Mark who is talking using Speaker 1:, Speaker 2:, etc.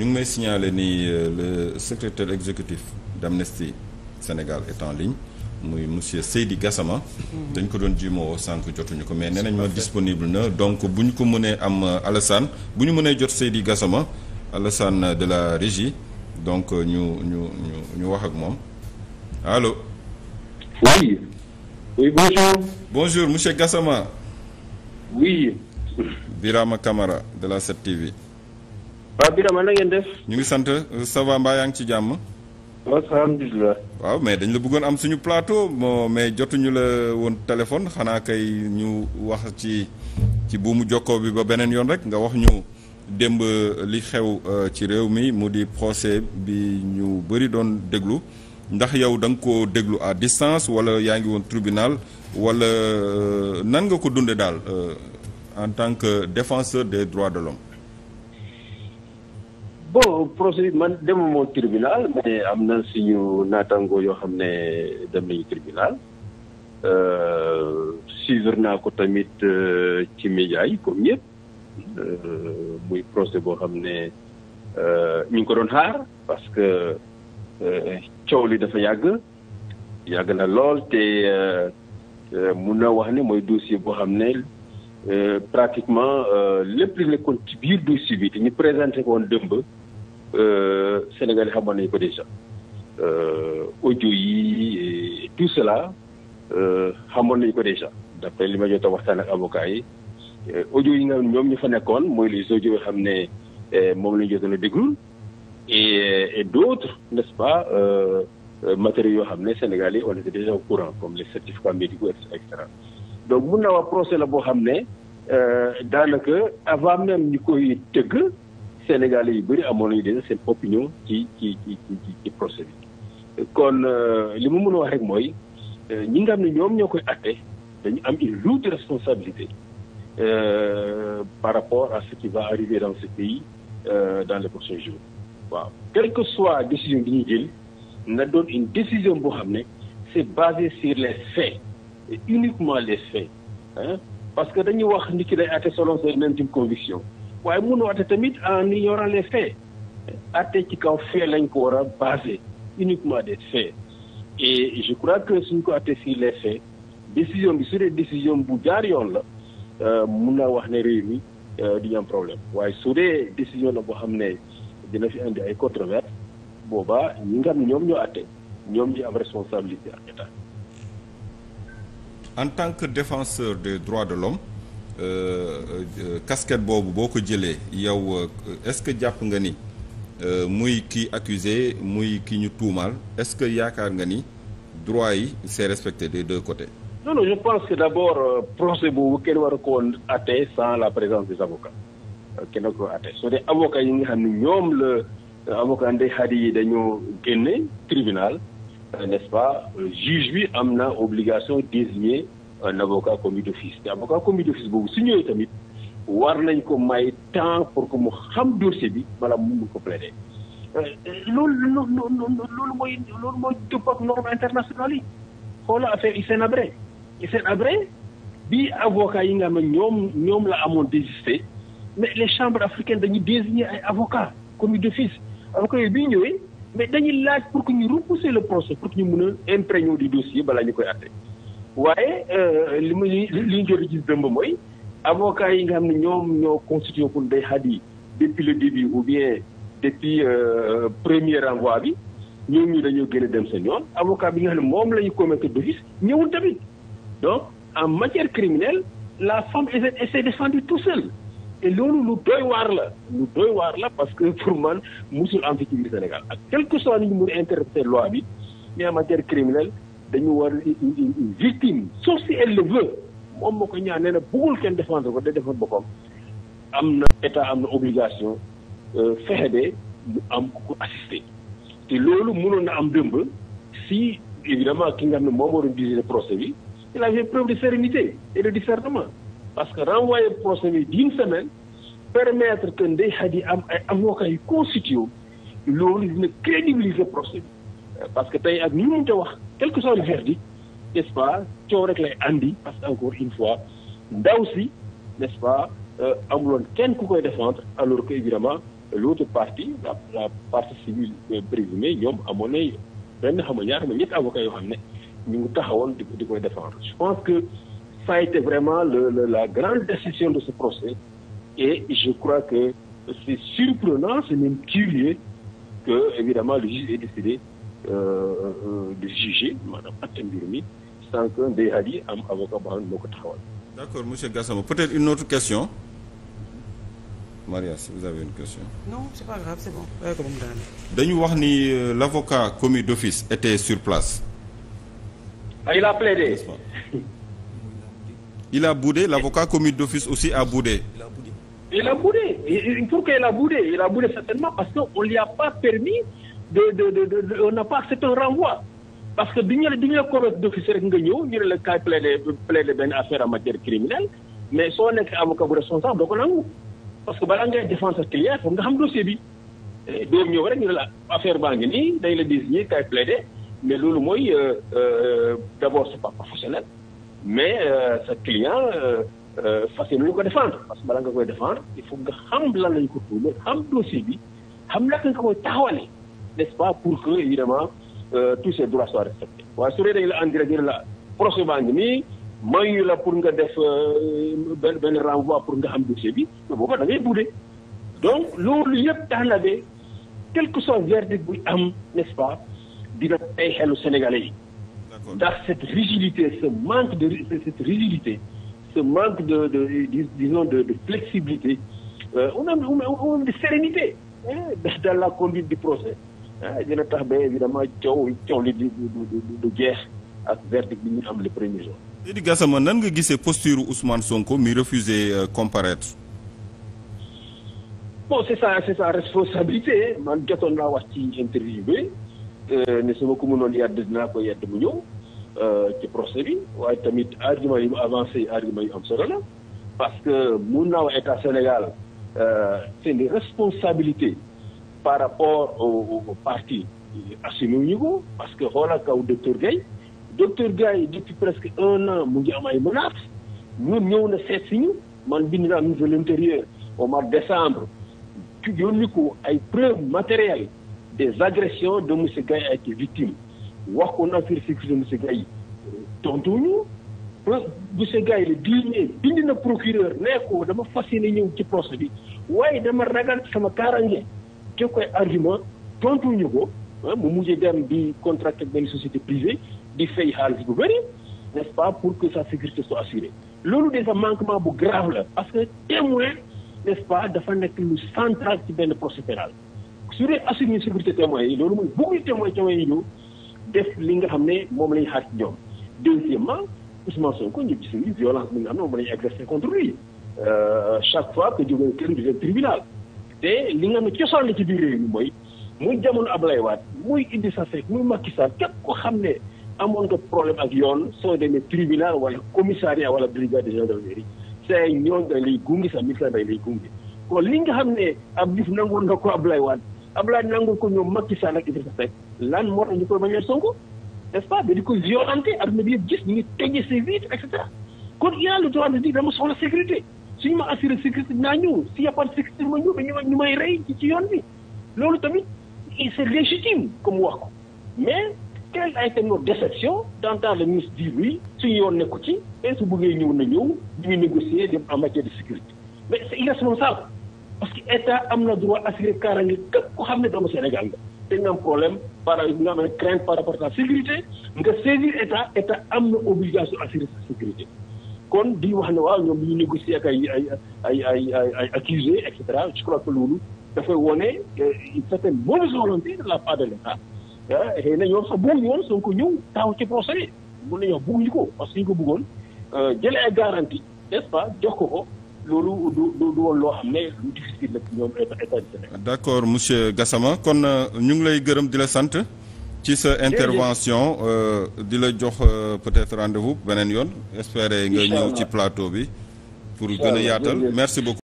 Speaker 1: ñu ngi may signaler nii euh, le secrétaire exécutif d'Amnesty Sénégal est en ligne muy monsieur Seydi gasama mhm. dañ ko doon jiimoo sànq jotuñu ko mais nee nañ ma disponible na donc bu ñu ko mënee am euh, Alassane bu ñu mënee jot Seydi Gassama Alassane euh, de la régi donc ñu ñu ñu ñu wax ak moom allo. oui. oui bonjour. bonjour monsieur Gassama. biram Birama Camara de la 7TV. waaw Birama na ngeen def. ñu ngi sant ça va ngi ci jàmm. waaw mais dañu la bëggoon am suñu plateau moo mais jotuñu la woon téléphone xanaa kay ñu wax ci ci buumu jokko bi ba beneen yoon rek nga wax ñu démb li xew euh, ci réew mi mu di procès bi ñu bëri doon déglu ndax yow da nga koo déglu à distance wala yaa ngi woon tribunal wala euh, nan nga ko dundee daal euh, en tant que défenseur des droits de l'homme
Speaker 2: bon procédure man dema moon tribunal am na suñu naataango yoo xam ne dem nañu tribunal euh, suivre naa ko tamit euh, ci média yi comme ñëpp euh, muy procès boo xam ne ñu ngi ko doon xaar parce que coow li dafa yàgg yàgg na lool te mun na wax ni mooy dossier boo xam ne Euh, pratiquement euh, lépp li nekkoon ci biir dossier ñu présenté ko woon dëmb euh, Sénégal yi xamoon nañu ko déjà ojo yi tout cela xamoon nañu ko déjà d'après li ma jot a waxtaan ak avocat yi audio yi nga ñoom ñu fa nekkoon mooy les audio yoo xam ne moom la ñu jotoon a déglu et et d'autres n'est-ce pas matériaux yoo xam ne Sénégal yi on était déjà courant comme les certificats médicaux et donc mun naa wax procès la boo xam ne euh, daanaka avant même ñi koy tëgg Sénégalais yu bëri amoon nañu déjà seen opinion
Speaker 1: ci ci ci
Speaker 2: ci ci procès bi. kon euh, li mu mën a wax rek mooy euh, ñi nga xam ne ñoom ñoo koy atte dañu am une lourde responsabilité par rapport à ce qui va arriver dans ce pays dans les prochains jours. waaw quelle que soit décision bi ñuy jël na doon une décision boo xam ne c'est basé sur les faits. uniquement les faits hein parce que dañuy wax niki ki day àtte selon ses intimes convictions waaye mënoo àtte tamit en ignorant les faits ci kaw fait lañ ko war a basé uniquement des faits et je crois que suñ ko àtte fii les faits décision bi su dee décision bu jaar yoon la euh, mun naa wax ne réew mi euh, duñu am problème waaye su dee décision la boo xam ne dina fi indi ay controverse booba ñi nga xam ne ñoom ñoo àtte ñoom ñi am responsabilité
Speaker 1: ak état en tant que défenseur de droits de l'homme euh, euh, casquette boobu boo ko jëlee yow euh, est-ce que jàpp nga ni muy kii accusé muy ki ñu tuumaal est-ce que yaakaar nga ni droit yi c'est respecté des deux côtés
Speaker 2: non je pense que d'abord procès boobu kenn war a ko woon atte sans la présence des avocats kenn war ko atte soo dee avocats yi nga xam ne ñoom la avocat Ndeye Khady yi dañoo génne tribunal Euh, n'est-ce pas euh, juge am na obligation désigner un avocat commis d'office te avocat commis d'office boobu su ñëwee tamit war nañ ko may temps pour que mu xam dossier bi bala mu mun ko plaider euh, loolu loolu mooy loolu mooy dëpp ak norme internationale yi xoola affaire Hissène Habré Hissène Habré bi avocat yi nga xam ne ñoom ñoom la amoon désisté mais les chambres africaines dañuy désigner ay avocat commis d'office avocat yooyu bi ñëwee mais dañuy laaj pour que ñu repousser le procès pour que ñu mën a imprégner du dossier balaa ñu koy atte waaye euh, li ma li ñu jot a gis dëmb mooy avocats yi nga xam ne ñoom ñoo constitué pour Ndeye Khady depuis le début ou bien depuis euh, première renvoi bi ñoom ñu dañoo gën a dem seen ñoon avocat bi nga xam ne moom la ñu convaincre d'office ñëwul tamit donc en matière criminelle la femme s'est défendue tout seul te loolu lu doy waar la lu doy waar la parce que pour man musul am fi ci Sénégal ak quel soit ni ñu mën a interpréter loi bi mais en matière criminelle dañu war une victime sauf si elle le veut moom moo ko ñaan nee na kenn défendre ko day défendre boppam am na état am na obligation euh, fexe de mu am ku assister te loolu mënoon na am dëmb si évidemment ki nga xam ne moom moo doon visiter procès bi il avait preuve de sérénité et de discernement parce que renvoyer procès bi d'une semaine permettre que Ndeye Khady am ay avocats yu constitué loolu dina crédibiliser procès bi parce que tey ak ñu mun te wax quel que soit le verdict n'est-ce pas coow rek lay andi parce que encore une fois ndaw si n'est-ce pas euh, amuloon kenn ku koy défendre alors que évidemment l'autre partie la la partie civile euh, présumée ñoom amoon nañ benn xam nga ñaar xam nga ñetti avocats yoo xam ne ñu ngi taxawoon di di koy défendre je pense que ça a été vraiment le, la grande décision de ce procès. Et je crois que c'est surprenant, c'est même curieux que, évidemment, le juge ait décidé euh, euh, de juger Mme
Speaker 1: Attenbirmi sans qu'un des alliés, am avocat Bahan taxawal D'accord, M. Gassama. Peut-être une autre question Maria, si vous avez une question. Non, c'est pas grave, c'est bon. Euh, Dañu wax euh, sur place. Ah, il a plaidé. Il a boudé, l'avocat commis d'office aussi a boudé. Il
Speaker 2: a boudé. Il a boudé. Pourquoi il a boudé Il certainement parce qu'on ne lui a pas permis de, de, de, de on n'a pas accepté Parce que biñ la biñ la commettre d'office rek nga ñëw ñu ne la kaay plaider plaider benn affaire en matière criminelle mais soo nekk avocat bu responsable doo ko nangu parce que balaa ngay défendre sa client foog nga xam dossier bi eh, doo ñëw rek ñu la affaire baa ngi nii dañ la dis mais loolu mooy euh, euh, d'abord mais sa euh, client fas yéene ñu ko défendre parce que balaa nga koy défendre il faut nga xam lan lañ ko tuumal xam dossier bi xam naka nga koy taxawalee n'est-ce pas pour que évidemment euh, tous ces droits soient respectés waaye su dee la andi rek la procès baa ngi nii la pour nga def euh, benn benn renvoi pour nga xam dossier bi mais booba da ngay donc loolu yëpp tax na de quelque soit verdict buy am n'est-ce pas dina tey xelu Sénégalais yi. ndax cette rigidité ce manque de cette rigidité ce manque de de, de disons de, de flexibilité euh, ou même ou même de sérénité hein, dans la conduite du procès dina tax ba évidemment coow coow li du du jeex ak verdict bi ñu am le premier jour.
Speaker 1: Seydi Gassama nan nga gisee posture Ousmane Sonko mi refusé euh, comparaître.
Speaker 2: bon c'est ça c'est sa responsabilité man jotoon naa wax ci interview bi. Euh, ne su ma ko mënoon yedd dinaa ko yedd mu ñëw euh, ci procès bi waaye tamit argument yi mu avancé argument yu am solo la parce que mun naa wax état Sénégal seen euh, des par rapport au parti assumé wu ñu ko parce que xoola kaw docteur Gaye docteur Gaye depuis presque un an mu ngi am ay menaces ñun ñëw na seet si ñu man bind naa ministre de l'intérieur au mois de décembre yónni ko ay preuves matérielles des agressions dont M. Gaye a été victime wax ko affaire sécurité M. Gaye tontuñu monsieur Gaye le dix mai bind na procureur nee ko dama fas yéene ñëw ci procès bi waaye dama ragal sama kaarange te koy argument tontuñu ko ah, mu mujjee dem di contracté benn société privée di fay xaalis bu bëri n'est-ce pour que sa sécurité soit assurée loolu déjà manquement bu grave la parce que témoin n'est-ce pas dafa nekk lu central ci benn procès pénal su dee assurer sécurité témoins yi loolu mooy bëgguñu témoins témoins yi ñu def li nga xam ne moom lañu xaar ci ñoom deuxièmement Ousmane Sonko ñu gis ni violence bi nga xam ne moom lañu exercer contre lui euh, chaque fois que jóge kër di dem te li nga xam ne cosaan la ci biir réew mi mooy muy jamono Ablaye Wade muy Idrissa Seck muy Macky Sall képp ko xam ne amoon nga problème ak yoon soo demee tribunal wala commissariat wala brigade de gendarmerie say ñoon ño lay gungi sa ministère dañ lay gungi kon li xam ne ab gis nangoon na ko Ablaye Wade Abdoulaye nangul ko ñoom Macky Sall ak Idrissa Seck lan moo ñu koy bañ a Sonko nest ko violenté adduna bi yëpp gis ñu ngi tëjee ses et cetera kon il a le droit dama soxla sécurité suñu ma assuré sécurité dinaa ñëw s'il y a pas ñu may rey ci yoon bi loolu tamit c'est légitime comme wax ko mais quelle a été notre déception d'entendre le ministre dire oui suñu yoon nekku ci et su bëggee ñëw na ñëw ñu ngi négocier dem en matière de sécurité mais c'est irresponsable parce que état am na droit assurer kaaraange képp ku xam ne doomu Sénégal nga te nga am problème par nga am crainte par rapport à sécurité nga saisir état état am na obligation assurer sa sécurité kon di wax ne waaw ñoom ñu négocier ak ay ay ay ay ay ay accusé et cetera je crois loolu dafay wone une certaine mauvaise volonté de la part de l' état ah, ñoom sax bëgguñu woon soo ko ñëw taxaw ci procès mun nañu wax bëgguñu ko parce que ñu ko bëggoon euh, jëlee ay garantie est ce pas jox ko ko. loolu loo xam ne lu difficile
Speaker 1: d'accord monsieur gasama kon euh, ñu ngi lay gërëm di la sant. ci sa intervention euh, di la jox euh, peut-être rendez-vous beneen yoon. espérer nga ñëw ci plateau bi. pour gën a yaatal merci beaucoup.